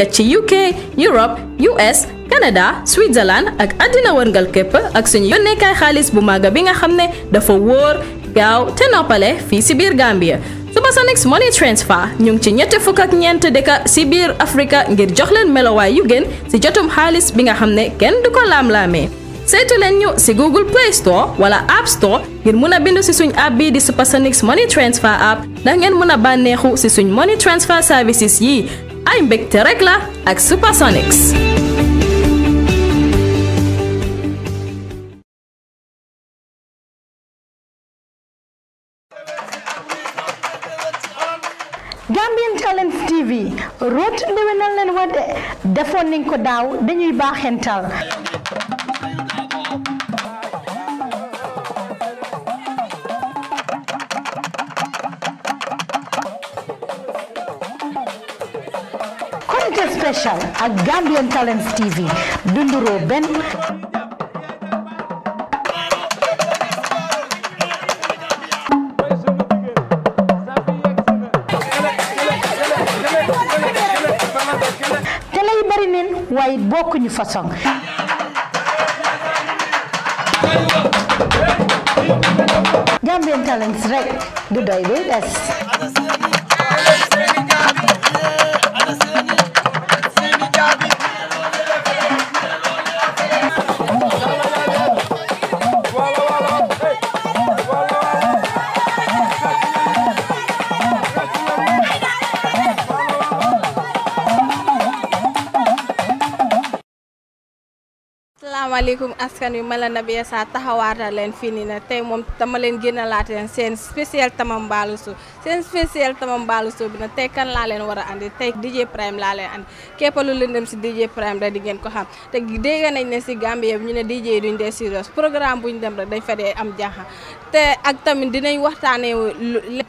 kachi UK, Europe, US, Canada Switzerland ak àddina wërngal kep ak suñu kay xaliss bu maga bi nga xamne dafa wor gaw te noppale fi ci bir Gambia Supersonics Money Transfer ñu ci ñetti fuk ak ci bir Afrika ngir jox leen melowaay yu gën si jottum xaliss bi nga xamne ne kenn du ko saytu leen ñu si Google Play Store wala App Store ngir mëna bindu ci si app bi di Supersonics Money Transfer app da ngeen mëna a ci si money transfer services yi ay mbégte rek la ak Supersonics. Gambian Talents TV root ndewenal leen wa de defoon nañ ko daaw dañuy baaxental spécial ak Gambian Talents TV dunduroo benn télé yi bari neen waaye bokkuñu façon Gambian Talents rek du doy bi des asalaamaaleykum askan wi ma la Nabiya Sarr taxawaata leen fii nii na tey moom dama leen génnalaat leen seen spécial Tambambalu Show seen spécial Tambambalu Show bi nag tey kan laa leen war a andi tey DJ Prime laa leen andi képpalu leen dem si DJ Prime rek di ngeen ko xam te dégg nañ ne si Gambie bi ñu ne DJ duñ dee serious programme buñ dem rek dañ fa dee am jaaxa te ak tamit dinañ waxtaanee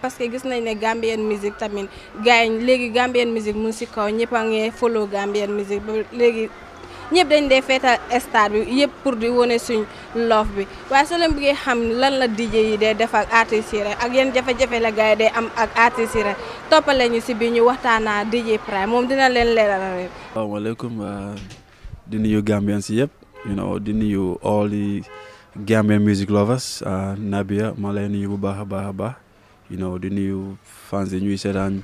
parce que gis nañ ne Gambian musique tamit gars yi léegi Gambian musique mu si kaw ñëpp a ngi follow Gambian musique ñëpp dañ dee feetal stade bi yëpp pour di wane suñ loof bi waaye soo leen bëggee xam lan la DJ yi dee def ak artistes yi rek ak yéen jafe-jafe la gars yi am ak artistes yi rek toppale ñu si biir ñu waxtaanaa DJ Prime moom dina leen leeral rek. asalaamaaleykum euh, di nuyu Gambian si yëpp you know di nuyu all the Gambian music lovers euh, Nabia maa lay nuyu bu baax a baax a baax you know di nuyu fans yi ñuy seetaan.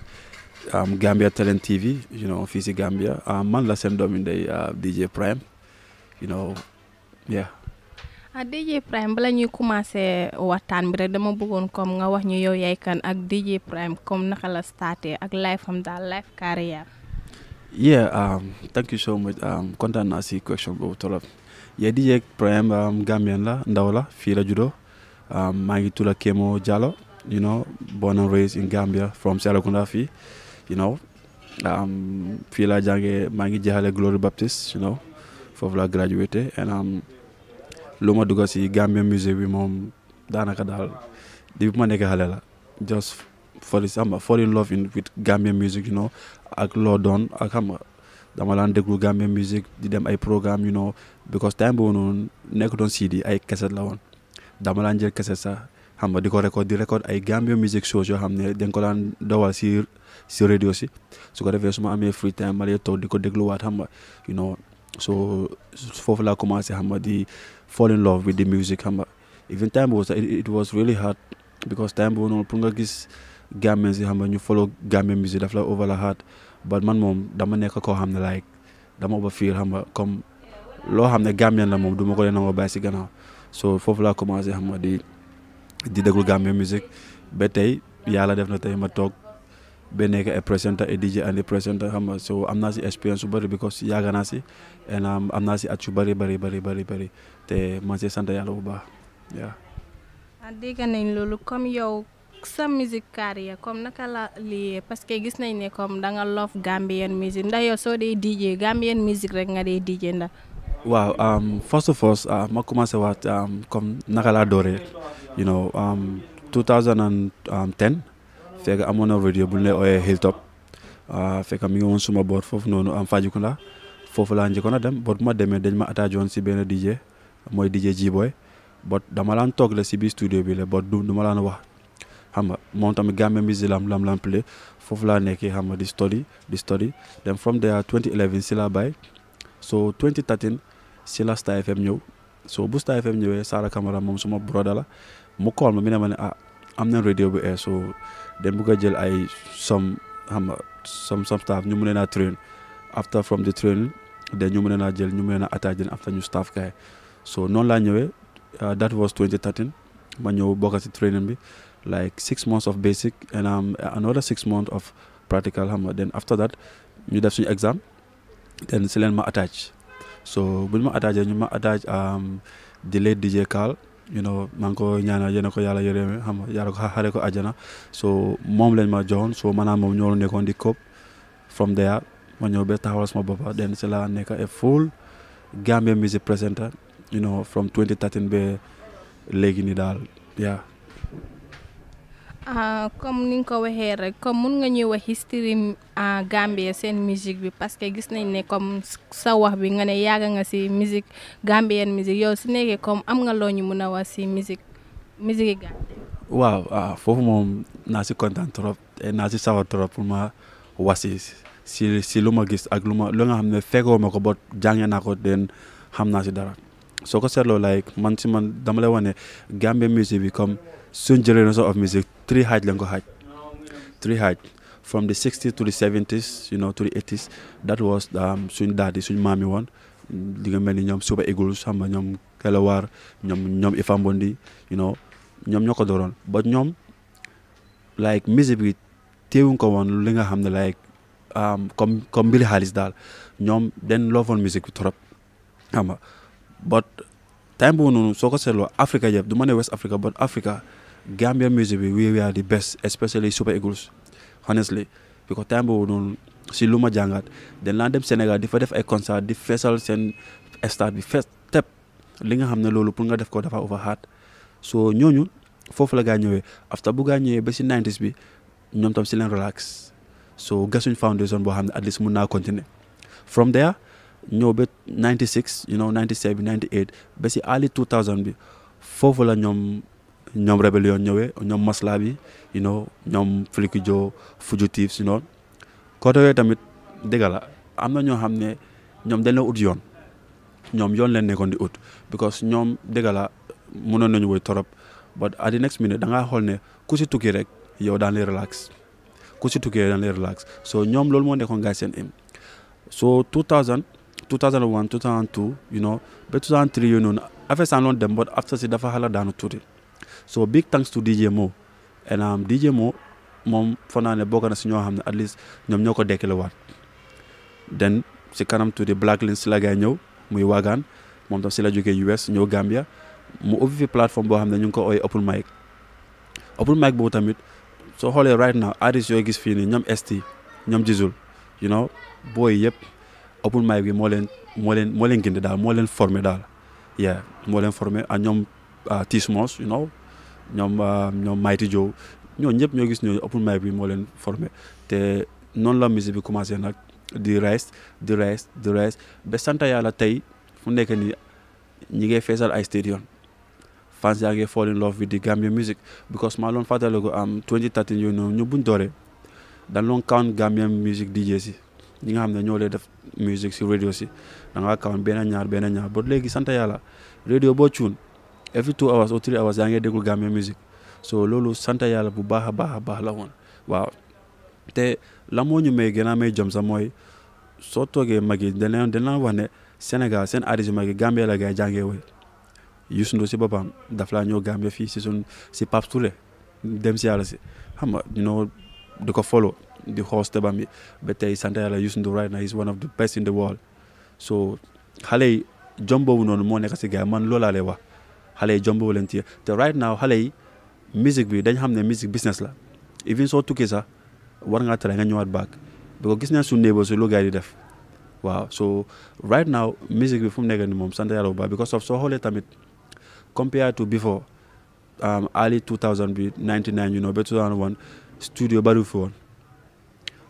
am um, Gambia Talent TV you know fii si Gambia uh, man la seen doomi ndey uh, DJ Prime you know yeah. ah Prime bala ñuy commencé waxtaan bi rek dama bëggoon comme nga wax ñu yow yaay kan ak DJ Prime comme naka la starté ak life am daal life career. yeah um, thank you so much um, kontaan si question boobu tolop yeah DJ Prime Gambian ndaw la fii la judo maa ngi tudd Kemo Jallow you know born and raised in Gambia from Serekunda fii. you know um, fii laa jàngee maa ngi jeexale Glory Baptist you know foofu laa graduaté and am um, lu ma dugg si Gambia music bi moom daanaka daal di ma nekk xale la just for xam nga fall in love with Gambia music you know ak loo doon ak xam nga dama daan déglu Gambia music di dem ay programme you know because time boobu noonu nekk doon CD ay cassette la woon dama daan jël cassette sax xam nga di ko record di record ay Gambia music shows yoo xam ne su ko defee su ma amee free time ma di ko dégluwaat xam nga you know so foofu laa commencé xam nga di fall in love with the music xam nga even time boobu sax it was really hard because time boobu noonu pour nga gis Gambien si xam nga ñu follow Gambia music daf la over la hard but man moom dama nekk koo xam ne like dama ba fiir xam nga comme loo xam ne Gambien la moom duma ko leen nangoo bàyyi si gannaaw so foofu laa commencé xam nga di. di déglu Gambia music ba tey yàlla def na tey ma toog ba nekk ay presenter et DJ and presenter xam nga so am naa si expérience su bëri because yàgg naa si and um, am naa si at yu bëri bëri bëri bëri bëri te ma si sant yàlla bu baax waaw. Ah, dégg nañ loolu comme yow sa musique carrière comme naka la liyee parce que gis nañ ne comme da nga love Gambian musique ndax yow soo dee DJ Gambian musique rek nga dee DJ ndax. waaw um, first of all uh, ma commencé waat um, comme naka laa dooree you know 2010 um, fekk amoon na radio bu ñu lay ooyee Hilltop uh, fekk mi ngi woon suma boor foofu noonu am Fajikunda foofu laa njëkkoon a dem bot ma demee dañ ma attaqué woon si benn DJ mooy DJ Jiboy bot dama laan toog le si biir studio bi la bot du dama laan wax xam nga moom tamit Gambia music lam lam lam play foofu laa nekkee xam nga di study di study then from there 2011 si la bàyyi so si la Star FM ñëw soo bu Star FM ñëwee Sara Camara moom suma broda la mu call ma mi ne ma ne ah am na radio bu ee so dañ bëgg a jël ay some xam nga some some staff ñu mën naa train after from the training de ñu mën naa jël ñu mën naa attaque after ñu staff kaay so noonu laa ñëwee uh, that was 2013 ma ñëw bokk ci training bi like six months of basic and um, another six months of practical xam nga then after that ñu def suñu exam then si leen ma attache so buñ ma attaché ñu ma attaché um, di late DJ Kaal you know maa ngi ko ñaanal yéen a ko yàlla yërëme xam nga yàlla ko xaaree so moom lañ ma joxoon so maanaam moom ñoo nekkoon di COP from there ma ñëw ba taxawal sama boppa then si laa nekk a full Gambia music presenter you know from 2013 ba léegi nii daal Ah, comme ni nga ko waxee rek comme mun nga ñuy wax history ah, Gambie seen musique bi parce que gis nañ ne comme sa wax bi nga ne yàgg nga si musique Gambian musique yow si nekkee comme am nga loo ñu mun a wax si musique musique Gambie. waaw ah, foofu moom naa si kontaan trop eh, naa si sawar trop pour ma wasi si si lu ma gis ak lu ma lu nga xam ne fekkoo ma ko ba jàngee naa ko den xam naa si dara soo ko seetloo like man si man dama lay wane Gambie musique bi comme. suñ generation of music, three height lengo height. Three height. From the 60s to the 70s, you know, to the 80s, that was um, Soon Daddy, Soon Mommy one. li nga mel ni ñoom Suba Eagles xam ñoom Kelewar ñoom ñoom Ifa Mbondi you ñoom ñoo ko dooroon ba ñoom like musique bi teewuñ ko woon li nga xam ne like um, comme comme mbiri xaalis daal ñoom den loofoon musique bi trop xam nga but time boobu noonu soo ko seetloo Africa yëpp du ma ne West Africa but Africa Gambian music we, we are the best especially Super Eagles honestly because time boobu noonu si lu ma jàngat dañ laa dem senegal di fa def ay concert di feesal seen stade bi fees tepp li nga xam ne loolu pour nga def ko dafa over so so ñu foofu la gaa ñëwee after bu gaa ñëwee ba si 90 bi ñoom tam si leen relax so gasuñ foundation boo xam ne at least mun naa continuer from there ñëw ba 96 you know 97 98 ba si early 2000 bi foofu la ñoom ñoom rébellion ñëwee ñoom masla bi you know ñoom Filikijoo fugitive si noonu côté yooyu tamit dëgg am na ñoo xam ne ñoom dañ la ut yoon ñoom yoon leen nekkoon di ut because ñoom dëgg la mënoon nañu woy torop but at the next minute da xool ne ku si tukki rek yow daan li relax ku si tukki daan lay relax so ñoom loolu moo nekkoon gars seen im so 2000 2001 2002 you know ba 2003 yooyu noonu affaire saa noonu dem but after si dafa xala daanu tuuti so big thanks to DJ Mo and um, DJ Mo moom foog naa ne bokk na si ñoo xam ne at least ñoom ñoo ko dekkale waat den si kanam tuuti Black Lens si la gaay ñëw muy waagaan moom tam si la jógee US ñëw Gambia mu ubbi fi plateforme boo xam ne ñu ngi ko ooy open mic open mic boobu tamit soo xoolee right now artistes yooyu gis fii nii ñoom ST ñoom Jizzle you know booy yëpp open mic bi moo leen moo leen moo leen gindi daal moo leen formé daal yeah moo leen formé ak ñoom uh, Tismos you know ñoom euh, ñoom Maïty Diop ñoo ñëpp ñoo gis ñoo open mic bi moo leen formé te noonu la musique bi commencé nag di rees di rees di rees ba sant yàlla tey fu nekk nii ñi ngay feesal ay stadium fans yaa ngi fall in love with the Gambian music because maa loon fàttaliku am 2013 yooyu noonu ñu buñ dooree dañ loon count Gambian music DJ si ñi nga xam ne ñoo lay def musique si radio si da ngaa count benn ñaar benn ñaar ba léegi sant yàlla radio boo cuun every two hours or three hours yaa ngi déglu Gambia music soo loolu sant yàlla bu baax a baax baax la woon waaw te la moo ñu may gën a may jom sax mooy soo toogee mag yi dana dana wax ne Sénégal seen artiste mag yi Gambia la gay jàngee woy Youssou Ndour si boppam daf laa ñëw Gambia fii si sun si Pape Touré dem si yàlla si xam nga you di ko follow di xoos tebam yi ba tey sant yàlla Youssou Ndour right now is one of the best in the world so xale yi jom boobu noonu moo nekk si gars man loolaa wax xale yi jomb leen ci te right now xale yi musique bi dañ xam ne musique business la even soo tukkee sax war ngaa tere nga ñëwaat baag parce que gis nañ suñu néew si lu yi def waaw so right now musique fu mu nekk nii moom sant yàlla bu baax because of soo xoolee tamit compared to before um, early 2000 bi 99 you ba 2001 studio bariwul fi woon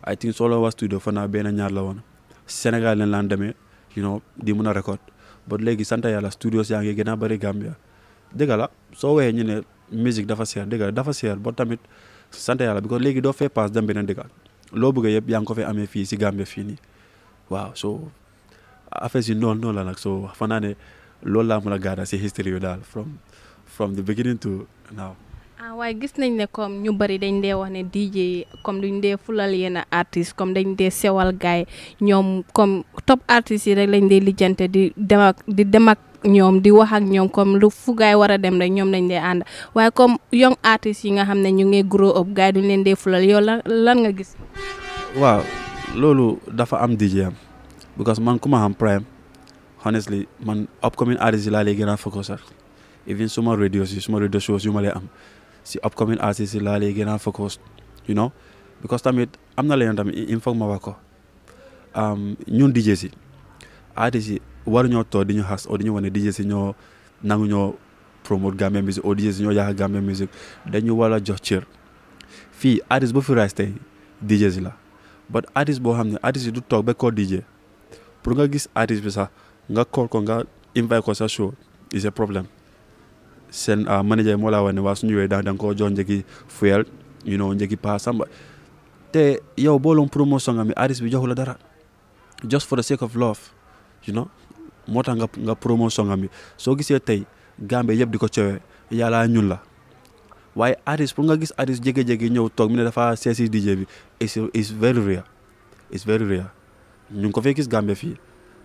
I think soo la waa studio fan naa benn ñaar la woon Sénégal lañ laan demee you di mun a record ba léegi sant yàlla studios yaa ngi gën a bëri Gambia. dëgg la soo waxee ñu ne musique dafa seer dëgg dafa seer ba tamit sant yàlla bi léegi doo fee paas dem beneen dëkk loo bëgg yëpp yaa ko fee amee fii si Gambie fii nii waaw soo affaire yi noonu noonu la nag soo wax fanaa ne loolu laa mën a gaada si history yu daal from the beginning to now. ah waaye gis nañ ne comme ñu bari dañ dee wax ne DJ comme duñ dee fulal yenn artistes comme dañ dee sewal gaay ñoom comme top artistes yi rek lañ dee lijjante di dem di dem ñoom di wax ak ñoom comme lu fu gaay war a dem rek ñoom lañ dee ànd waaye comme young artist yi nga xam ne ñu ngi grow up gaay duñ leen dee fulal yow lan lan nga gis. waaw loolu dafa am DJ am because man ku ma xam prime honestly man upcoming artist yi laa lay gën a focus even suma radio si suma am si upcoming artist yi laa gën a focus you tamit am na leneen tam il faut ma wax ko ñun si artist waruñoo toog di ñu xas o di ñu DJ ci ñoo nangu ñoo promote Gambia music o DJ ci ñoo yàq Gambia music dañu wala jox cër fi artist bu fi rise DJ ci la but artist bo xam artist du tok ba ko DJ pour nga gis artist bi sax nga call ko nga invite ko sa show is a problem sen uh, manager mo la wone wa suñu wé dang da ko koo jox fuel you know njëgi pa samba té yow lom promotion nga mi artist bi joxu dara just for the sake of love you know moo tax nga nga promotion nga mi soo gisee tey Gambie yëpp di ko coowee yàlla ñun la waaye artiste pour nga gis artiste jékki-jékki ñëw toog mi ne dafa seesi DJ bi is very rare is very rare ñu ngi ko fee gis Gambie fii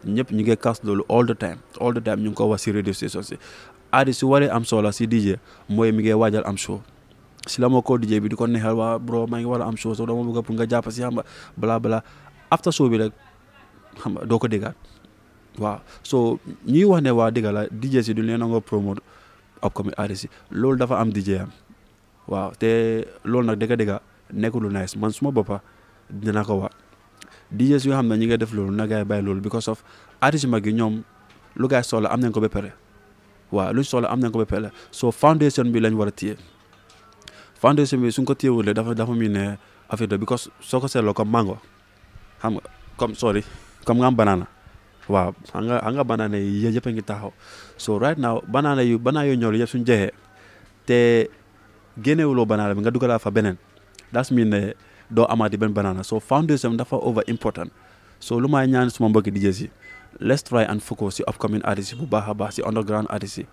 ñëpp ñu ngi kaas loolu all the time all the ñu ngi ko wax si radio station si artiste su waree am soxla si DJ mooy mi ngi waajal am show si la moo ko DJ bi di ko neexal waa bro maa ngi war am am show so dama bëgg pour nga jàpp si xam nga balaa balaa after show bi rek xam nga doo ko déggaat waaw so ñuy wax ne waa dëgg la DJ si duñ leen nangoo promote upcoming artist yi loolu dafa am DJ am waaw te loolu nag dëgg-dëgg nekkul lu nice man suma boppa dina ko wax DJs yoo xam ne ñi nga def loolu na gaay bàyyi loolu because of artistes yu mag yi ñoom lu gaay soxla am nañ ko ba pare waaw luñ soxla am nañ ko ba pare so foundation bi lañ war a téye foundation bi suñ ko téyewulee dafa dafa muy ne affaire bi because soo ko seetloo comme mango xam nga comme sorry comme nga am banana waaw xam nga xam nga banane yi iya yéen yëpp ngi taxaw so right now banane yu banaana yu ñor yëpp suñ jeexee te génnewuloo banaana bi nga dugalaa fa beneen that's mean ne doo amaati benn banana so foundation dafa over important so lu may ñaan suma mbokki di yi let's try and focus si upcoming artists bu baax baax si underground artists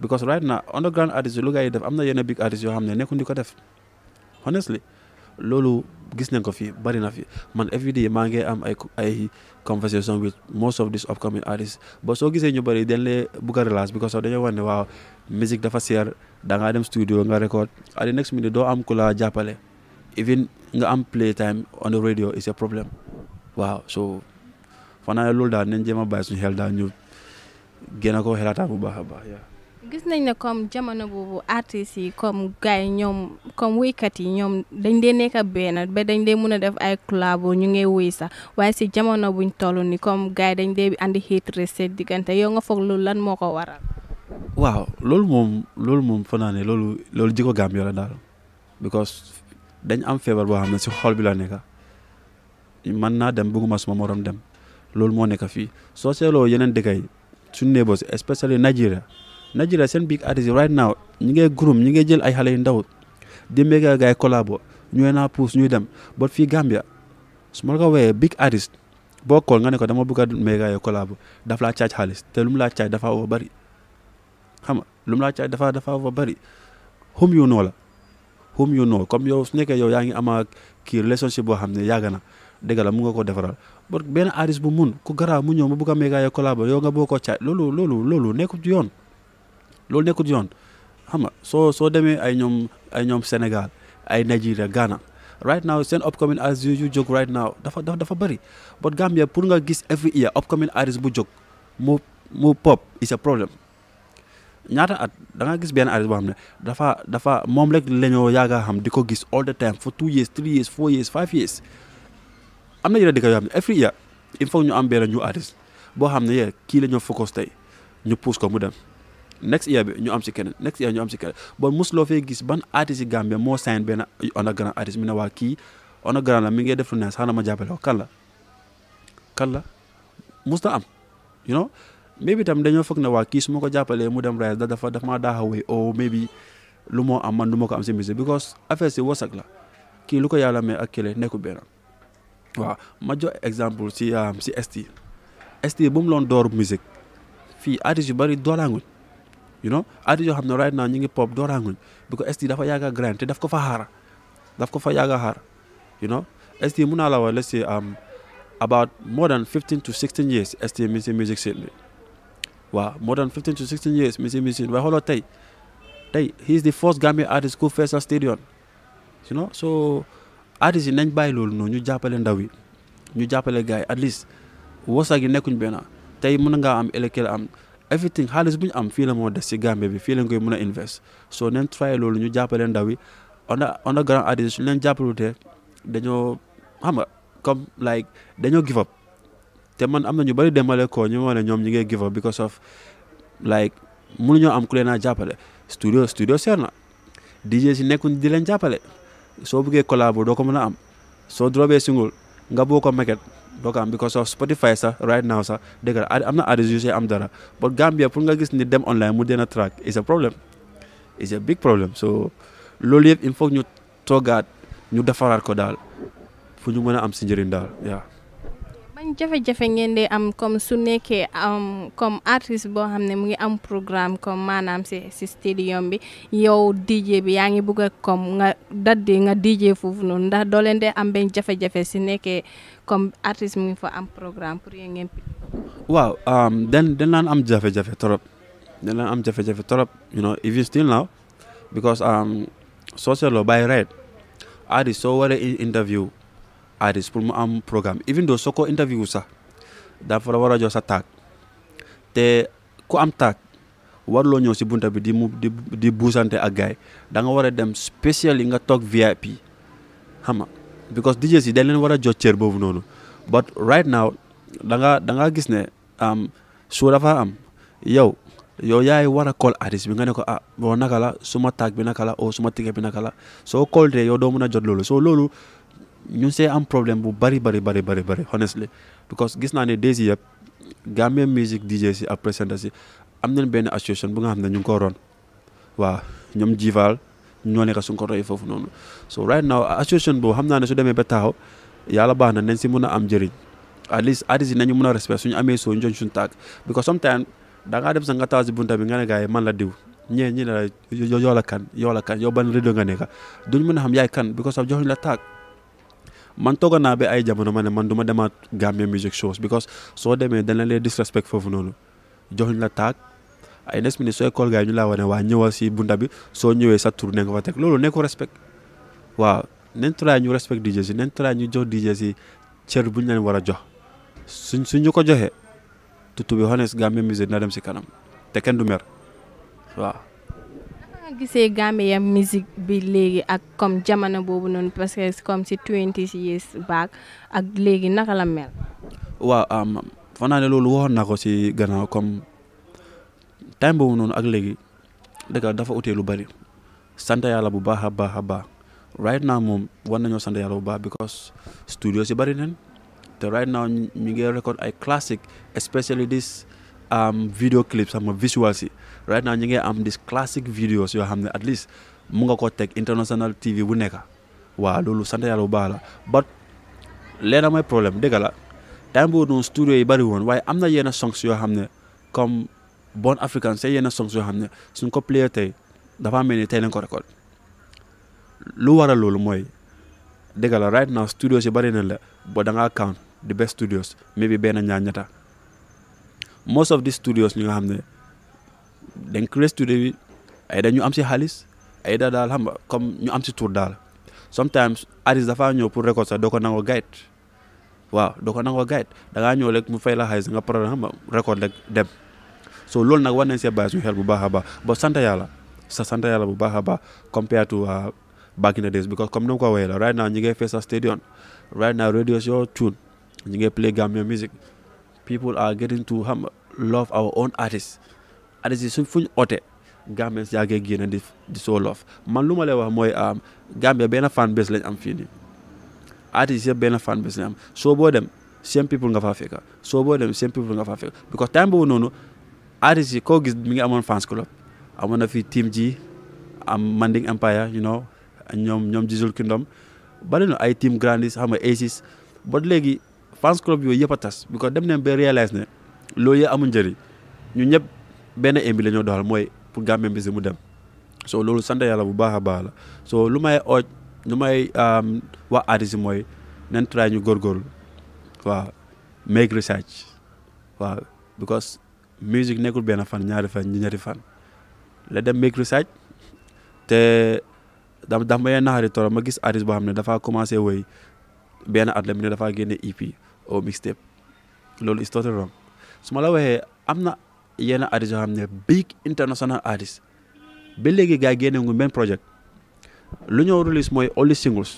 because right now underground artists lu gars yi def am na yenn big artists yoo xam ne di ko def honestly loolu gis nañ ko fi bari na fi man everyday maa ngi am ay ay conversation with most of these upcoming artists ba soo gisee ñu bari dañ lee bugg a relax because of dañoo wax ne waaw musique dafa seer da ngaa dem studio nga record at the next minute doo am ku la jàppale even nga am play time on the radio is a problem waaw so fanaa loolu daal nañ jéem a bàyyi suñu xel daal ñu gën a ko xelaataa bu baax a baax gis nañ ne comme jamono boobu artistes yi comme gars ñoom comme woykat yi ñoom dañ dee nekk benn be dañ dee mun a def ay collabo ñu ngay woy sax waaye si jamono buñ toll ni kom gars yi dañ dee andi hatred seet diggante yow nga foog loolu lan moo ko waral. waaw loolu moom loolu moom fa ne loolu loolu jikko Gambia la daal because dañ am feebar boo xam ne si xol bi la nekk man naa dem bëgguma suma morom dem loolu moo nekk fii soo seetloo yeneen dëkk yi suñu neighbors especially Nigeria. Nigeria seen big artist right now ñi ngay groupe ñi ngay jël ay xale yu ndaw di méga gaay ñu ñooy naa pousse ñuy dem ba fii Gambia su ma la ko wooyee big artist boo kool nga ne ko dama bëgg a méga gaay collabo laa caaj xaalis te lu mu laa caaj dafa woo bari xam lu mu laa caaj dafa bari hum yu noo la hum yu noo comme yow su nekkee yow yaa ngi ama kii relationship boo xam ne yàgg na dëgg la mu nga ko defaral ba benn artiste bu mun ku garaaw mu ñëw mu bëgg a méga gaay collabo yow nga boo ko caaj loolu loolu loolu nekkul ci yoon loolu nekkul yoon xam nga soo soo demee ay ñoom ay ñoom Sénégal ay Nigeria Ghana right now seen upcoming artist yu jóg right now dafa dafa dafa bëri but Gambia pour nga gis every year upcoming artist bu jog mu mu pop is a problem ñaata at da gis benn artist boo xam ne dafa dafa moom rek la ñoo yaaga xam di ko gis all the time for two years three years four years five years am na yeneen dëkk yoo xam ne every year il faut ñu am benn ñu artist boo xam ne kii la ñoo focus tey ñu pousse ko mu dem next year bi ñu am si keneen next year ñu am mosuloo fee gis ban artiste yi Gambia moo sign benn underground artiste mi na waa kii underground la mi ngi def lu ne ma jàppale ko kan la kan la am you know maybe tam dañoo foog ne waa kii su ma ko jàppalee mu dem rise da dafa daf maa daax a wéy oh, maybe lu moo am man du ma ko am si musique because affaire si wasak la kii lu ko yàlla may ak kële nekku benn waaw ma jox exemple si um, si ST ST bu mu loon door musique fii artistes yu bëri doolaanguñ you know artiste yoo xam ne right now ñu ngi pop dooraanguñ bi ko ST dafa yàgg a grind te daf ko fa xaar daf ko fa yàgg a xaar you know ST mun naa la wax let's am um, about more than fifteen to sixteen years ST mi ngi si music waaw more than fifteen to sixteen years mi ngi si music tey tey he is the first Gambia artist ku fees stadium you know so artistes yi nañ bàyyi loolu noo ñu jàppale ndaw yi ñu jàppale gars yi at least woosaag yi nekkuñ tey mën ngaa am élekel everything xaalis bu ñu am fii la moo des si Gambie bi fii lañ koy mën a invest so neen try loolu ñu jàppale ndaw yi on a on a grand artiste suñu leen jàppalutee dañoo xam nga comme like dañoo give up te man am na ñu bëri demale koo ñu moo ne ñoom ñu ngi give up because of like mënuñoo am ku leen a jàppale studio studio seer na DJ si nekkuñ di leen jàppale soo bëggee collabo doo ko mën a am soo drobee single nga boo ko maquette dokaan um, because of Spotify sax right now sax dëgg la am na artiste yu si am dara but Gambia pour nga gis ni dem online mu dina track is a problem is a big problem so loolu yëpp il faut ñu toogaat ñu defaraat ko daal fu ñu mën a am si njëriñ daal ban jafe-jafe ngeen dee am comme su nekkee comme artiste boo xam ne mu ngi am programme comme maanaam si si stadium bi yow DJ bi yaa ngi bugg a comme nga daddi nga DJ foofu noonu ndax doo leen dee am benn jafe-jafe si nekkee comme artiste mu ngi fa am programme pour yéen ngeen. waaw den den naan am jafe-jafe trop den naan am jafe-jafe trop you know even still now because soo seetloo by right artiste soo waree interview. aris pour mu am programme even do soko interview sa, da fa wara jox sa tag te ku am war lo ñëw si bunta bi di mu di di ak gaay da nga wara dem spécial yi nga tok vip hama because DJ si dañ leen wara jox cër bobu nonu but right now da nga da nga gis ne um, su dafa am yow yo yaay wara call aris bi nga ne ko ah bo nakala suma tag bi nakala oh o suma ticket bi nakala so call dé yo do mëna jot lolu so lolu ñu see am problème bu bari bari bari bari bari honestly because gis naa ne desi yëpp Gambian music DJ si ak presenter si am nañ benn association bu nga xam ne ñu ko roon waaw ñoom jival ñoo nekk suñu ba na a am njëriñ at least artistes yi nañu mun a respect suñu amee soo ñu joñ suñu tàgg because sometimes da ngaa dem sa nga taal si bunta bi nga ne gars yi man la diw ñee ñi ne la yoo la kan yoo la kan yow ban rédo nga nekk duñ mën a yaay kan because of joxuñ la tàgg man toogoon naa ba ay jamono ma ne man du ma demaat Gambia music shows because soo demee dana leen disrespect foofu noonu joxuñ la taag ay next minute soo école gars ñu laa wane waa ñëwal si bunda bi soo ñëwee sa tur ne nga fa teg loolu ne ko respect waaw nañ try ñu respect DJ si nañ try ñu jox DJ si cër bu ñu leen war a jox suñ suñ ñu ko joxee to be honest Gambia music na dem si kanam te kenn du mer gisee Gambia musique bi léegi ak comme jamono boobu noonu parce que comme si twenty years back ak léegi naka la mel. waaw foog naa ne loolu waxoon naa ko si ganaaw comme time boobu noonu ak léegi dëgg dafa utee lu bari sant yàlla bu baax a baax a baax right now moom war nañoo sant yàlla bu baax because studio si bari nañ te right now ñu ngi record ay classic especially this video clip sama visual si. right now ñu ngi am this classic videos yoo xam ne at least mu nga ko teg international TV bu nekk waaw loolu sant yàlla bu baax la but leena may problème dëgg la time boobu noonu studio yi bëri woon waaye am na yenn songs yoo xam ne comme Born African yenn songs yoo xam ne suñ ko player tey dafa mel ni tey lañ ko record lu waral loolu mooy dëgg la right now studios yi bëri na la boo da ngaa count the best studios maybe benn ñaar ñetta most of these studios ñu nga xam ne dañ ko restauré bi ay da ñu am si xaalis ay daal xam nga comme ñu am si tur daal sometimes artiste dafaa ñëw pour record sax doo ko nangoo guide waaw doo ko nangoo guide da ngaa ñëw rek mu fay la xaalis nga problème xam nga record rek dem so loolu nag war nañ see bàyyi suñu xel bu baax a baax ba sant yàlla sa sant yàlla bu baax a baax compared to uh, back in the days because comme ni ko waxee la right now ñu ngi fees a stadium right now radio show tune ñu ngi play Gambian music people are getting to xam love our own artiste yi suñ fuñ ote Gambien si yàggee génn di di sooloof man lu ma lay wax mooy um, Gambia benn fan base lañ am fii nii artiste yëpp benn fan base lañ am soo boo dem same people nga faa fekka soo boo dem same people nga faa fekka because time boobu noonu artiste yi koo gis mi ngi amoon fans club amoon na fi team ji am Manding Empire you know ñoom ñoom Jisul Kingdom bari na ay team grandis xam nga Aces ba léegi fans club yooyu yëpp a tas because dem nañ ba réaliser loolu yëpp amul njëriñ benn aim bi la ñoo doxal mooy pour Gambian Business mu dem soo loolu sant yàlla bu baax a baax la soo lu may ooj lu may um, wax artiste mooy nen try ñu góorgóorlu waaw make research waaw because music nekkul benn fan ñaari fan ñetti fan la dem make research te daf daf may naxari ma gis artiste boo xam ne dafaa commencé woy benn at la mi ne dafaa génne EP au mixtape loolu is totally wrong su ma la waxee am na yenn artistes yoo xam ne big international artist ba léegi gars yi génne ngu benn projet lu ñoo release mooy only singles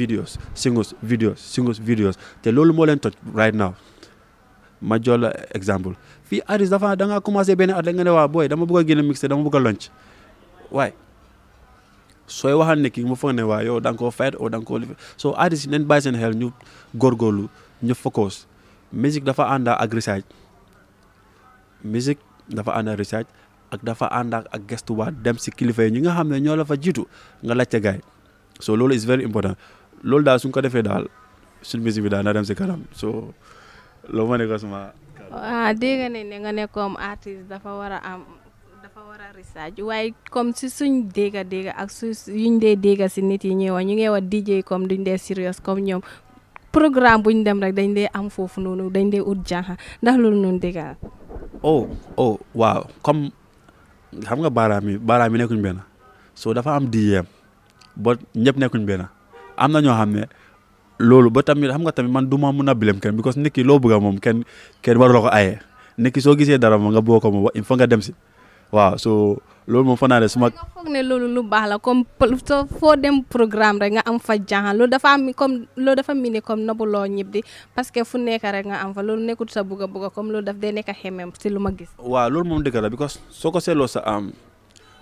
videos singles videos singles videos te loolu moo leen toj right now ma jox la fii artiste dafa da ngaa commencé benn at rek nga ne waa booy dama bëgg a génne mixé dama bëgg a lonc waaye sooy waxal ne kii mu foog ne waa yow da nga koo oo da nga koo soo artiste yi nañ bàyyi seen xel ñu góorgóorlu ñu focus musique dafa ànd ak musique dafa ànd ak research ak dafa ànd ak gestuwaat dem si kilifa yi ñi nga xam ne ñoo la fa jiitu nga laajte gaay so loolu is very important loolu daal suñ ko defee daal suñ musique bi daal na dem si kanam so loolu ma ne ko suma ah dégg nga ne nga ne comme artiste dafa war a am dafa war a research waaye comme si suñ dégg dégg ak su yuñ dee dégg si nit yi ñuy wax ñu ngi wax DJ comme duñ dee serious comme ñoom programme bu ñu dem rek dañ dee am foofu noonu dañ dee ut jànxa ndax loolu noonu dégg nga. Oh, oh waaw comme xam nga baaraam yi baaraam yi nekkuñ benn so dafa am di yeem ba ñëpp nekkuñ benn am na ñoo xam ne loolu ba tamit xam nga tamit man du ma mun a bilem kenn because nit ki loo bëgg a moom kenn kenn waruloo ko aye nit soo gisee dara ma nga boo ko moom il faut nga dem si. waaw so loolu moom foog naa ne suma. foog ne loolu lu baax la comme foo dem programme rek nga am fa jaaxal loolu dafa am comme loolu dafa mini comme nobuloo ñib di parce que fu nekk rek nga am fa loolu nekkul sa bugg a comme loolu daf dee nekk xemem si lu ma gis. waaw loolu moom dëgg la because soo ko seetloo sa am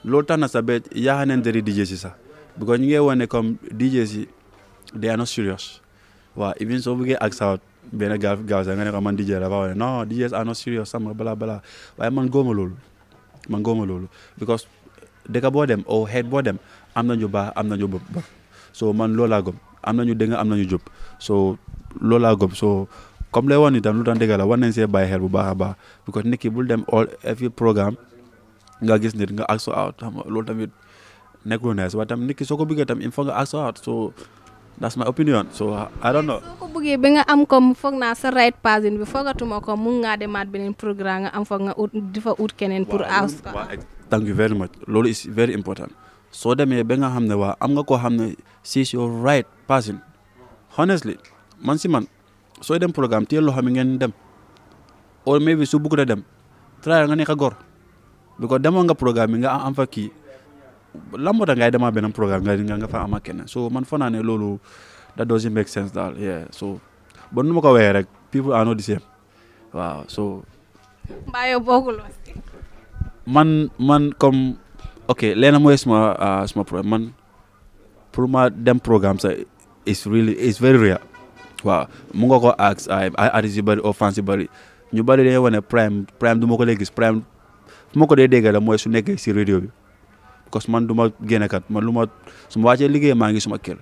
loolu tax na sa ba yaa neen dari DJ si sax because ñu ngi wane comme DJ si they are not serious waaw even soo buggee ak sa benn gaaw gaaw sax nga ne ko man DJ la ba wane non DJs sama balaa balaa waaye man góoma loolu. man góoma loolu because dëkk boo dem o xeet boo dem am nañu baax am nañu bëb ba so man loolaa gëm am nañu dëng am nañu jub so loolaa gëm so comme la wan itam lu tax dëgg la war nañ see bàyyi xel bu baax a baax because nit ki bul dem all every programme nga gis nit nga ask out loolu tamit nekkul nees waaye tam nit ki soo ko tam il faut nga ask out that's my opinion so I don't ko bëggee bi nga am comme foog naa sa right person bi foogatuma ko mun ngaa demaat beneen programme nga am foog nga ut di fa ut keneen. pour aas ko thank you very much loolu is very important soo demee ba nga xam ne waa am nga koo xam ne she is your right person honestly man si man sooy dem programme téye loxo mi ngeen dem or maybe su bëgg a dem try nga nekk a gor because demoon nga programme bi nga am fa kii. lambo da ngay dema benn programme nga nga fa am ak keneen so man foog naa ne loolu that doesn't make sense daal yeah so ba nu ma ko waxee rek people are waaw so. man man comme ok lenn mooy suma ah, suma problème man pour ma dem programme sa is really is very rare waaw mu nga ko ask ay artiste yu bëri offense yu bëri ñu bëri dañuy wane prime du ma ko lay gis prime fu ma dee dégg la mooy su nekk si radio bi. cause man duma génne kat man luma ma su ma liggéey maa ngi suma kër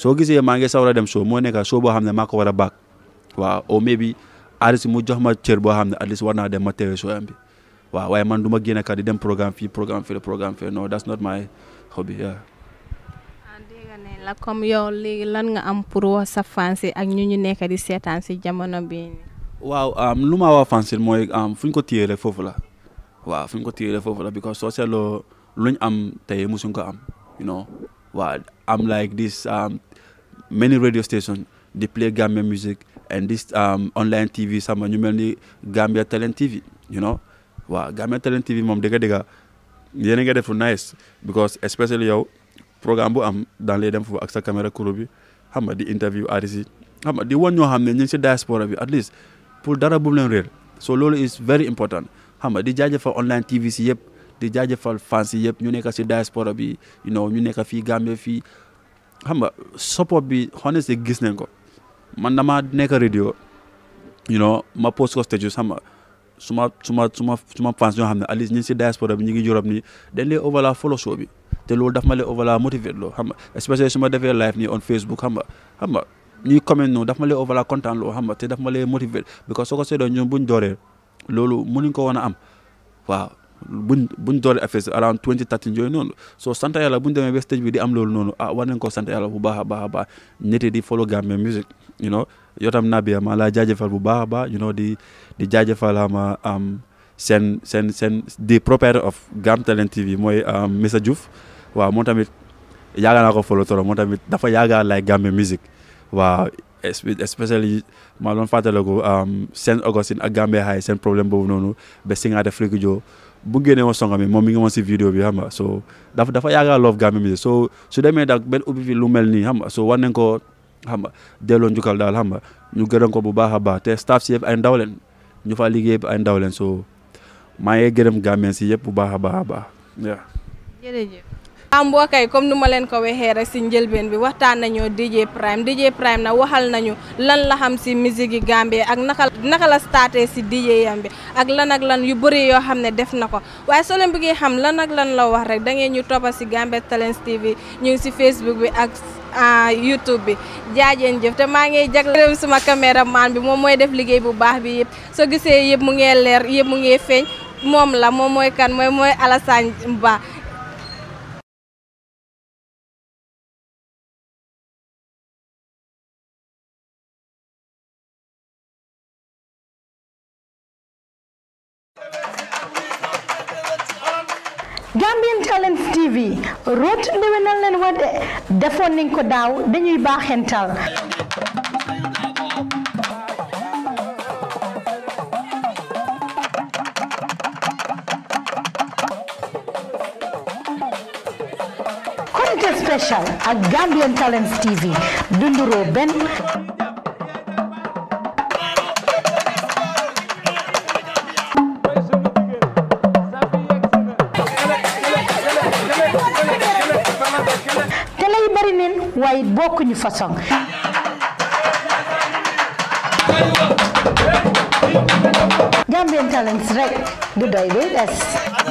so gisee ya maa ngi sawra dem so moo nekk so boo xam ne maa ko war a maybe artiste mu jox ma cër boo xam at least war naa dem ma teewee so am bi waaw ya man duma génne kat di dem programme fii programme fii programme fii No, that's not my hobby yeah. la comme yow léegi lan nga am pour wax sa fancy ak ñu ñu nekk di seetaan si jamono bii nii. waaw lu ma wax fancy mooy am fuñ ko téye rek foofu la waaw fuñ ko rek foofu la because soo seetloo lu ñu am tey musuñ ko am you know waaw am like this um, many radio stations they play Gambian music and this um, online TV sama ñu mel ni Gambia Talent TV you know waaw Gambia Talent TV moom dëgg dëgg yéen a ngi def lu nice because especially yow programme bu am daan les dem foofu ak sa caméra crew bi xam nga di interview artistes yi xam nga di wan ñoo xam ne ñu ngi si diaspora bi at least pour dara bu mu so loolu is very important xam nga di jaajëfal online TV si yëpp. di jaajëfal fans yi yëpp ñu nekk si diaspora bi you know ñu nekk fii Gambie fii xam nga support bi honestly gis nañ ko man damaa nekk radio you know ma post ko status xam nga suma suma suma suma fans ñoo xam ne Alice ñu ngi si diaspora bi ñu ngi Europe nii dañ lay overla follow show bi te loolu daf ma lay overla motivate loo xam nga especially su ma defee live nii on Facebook xam nga xam nga ñuy comment noonu daf ma lay overla content loo xam nga te daf ma lee motivate because soo ko seetloo ñun buñ dooree loolu mënuñ ko woon a am buñ buñ doole affaire si around twenty thirteen yooyu noonu soo sant yàlla buñ demee ba stage bi di am loolu noonu a ah war nañ koo yàlla bu baax a baax a baax ñetti di follow Gambian music you know yow tam Nabiya ma laa jaajëfal bu baax a baax you know di di jaajëfal ama am seen seen sen di proprietor of Gam Talent TV mooy Missa Diouf waaw moom tamit yaaga naa ko follow trop moo tamit dafa yaaga lay Gambian music waaw especially maa doon fàttaliku seen Augustine ak Gambia High seen problème boobu noonu ba singaate Friki Joe bu génnee woon songa mi moom mi ngi woon si vidéo bi xam nga so dafa dafa yaaga love Gambian music so su demee daal benn ubbi lu mel nii xam nga so war nañ ko xam nga delloo njukkal daal xam ñu gërëm ko bu baax a te staff si yëpp ay ndaw leen ñu fa liggéey yëpp ay ndaw leen so maa ngi gërëm Gambian si yëpp bu baax a baax a baax mbokk kay comme nu ma leen ko waxee rek ci njëlbeen bi waxtaan nañu DJ Prime DJ Prime na waxal nañu lan la xam si musique yi Gambie ak nakal nakal la staté si DJ yambe ak lan ak lan yu bëri yo xamné def na ko so soo leen xam lan ak lan la wax rek da ngay ñu topa si Gambian Talents TV ñu ngi si Facebook bi ak ah, YouTube bi jaajeen jëf te ngay jagg jagleel suma caméraman bi mom moy def liggéey bu baax bi so so gisee yëpp mu ngee leer yëpp mu ngee feñ mom la mom moy kan moy moy Alassane Ba root ndewenal leen wa de eh, defoon nañ ko daaw dañuy baaxental comité spécial ak Gambian Talents TV dunduroo benn waaye bokkuñu façon Gambian du doy bi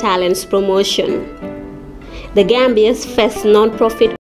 talents promotion. The Gambia's first non-profit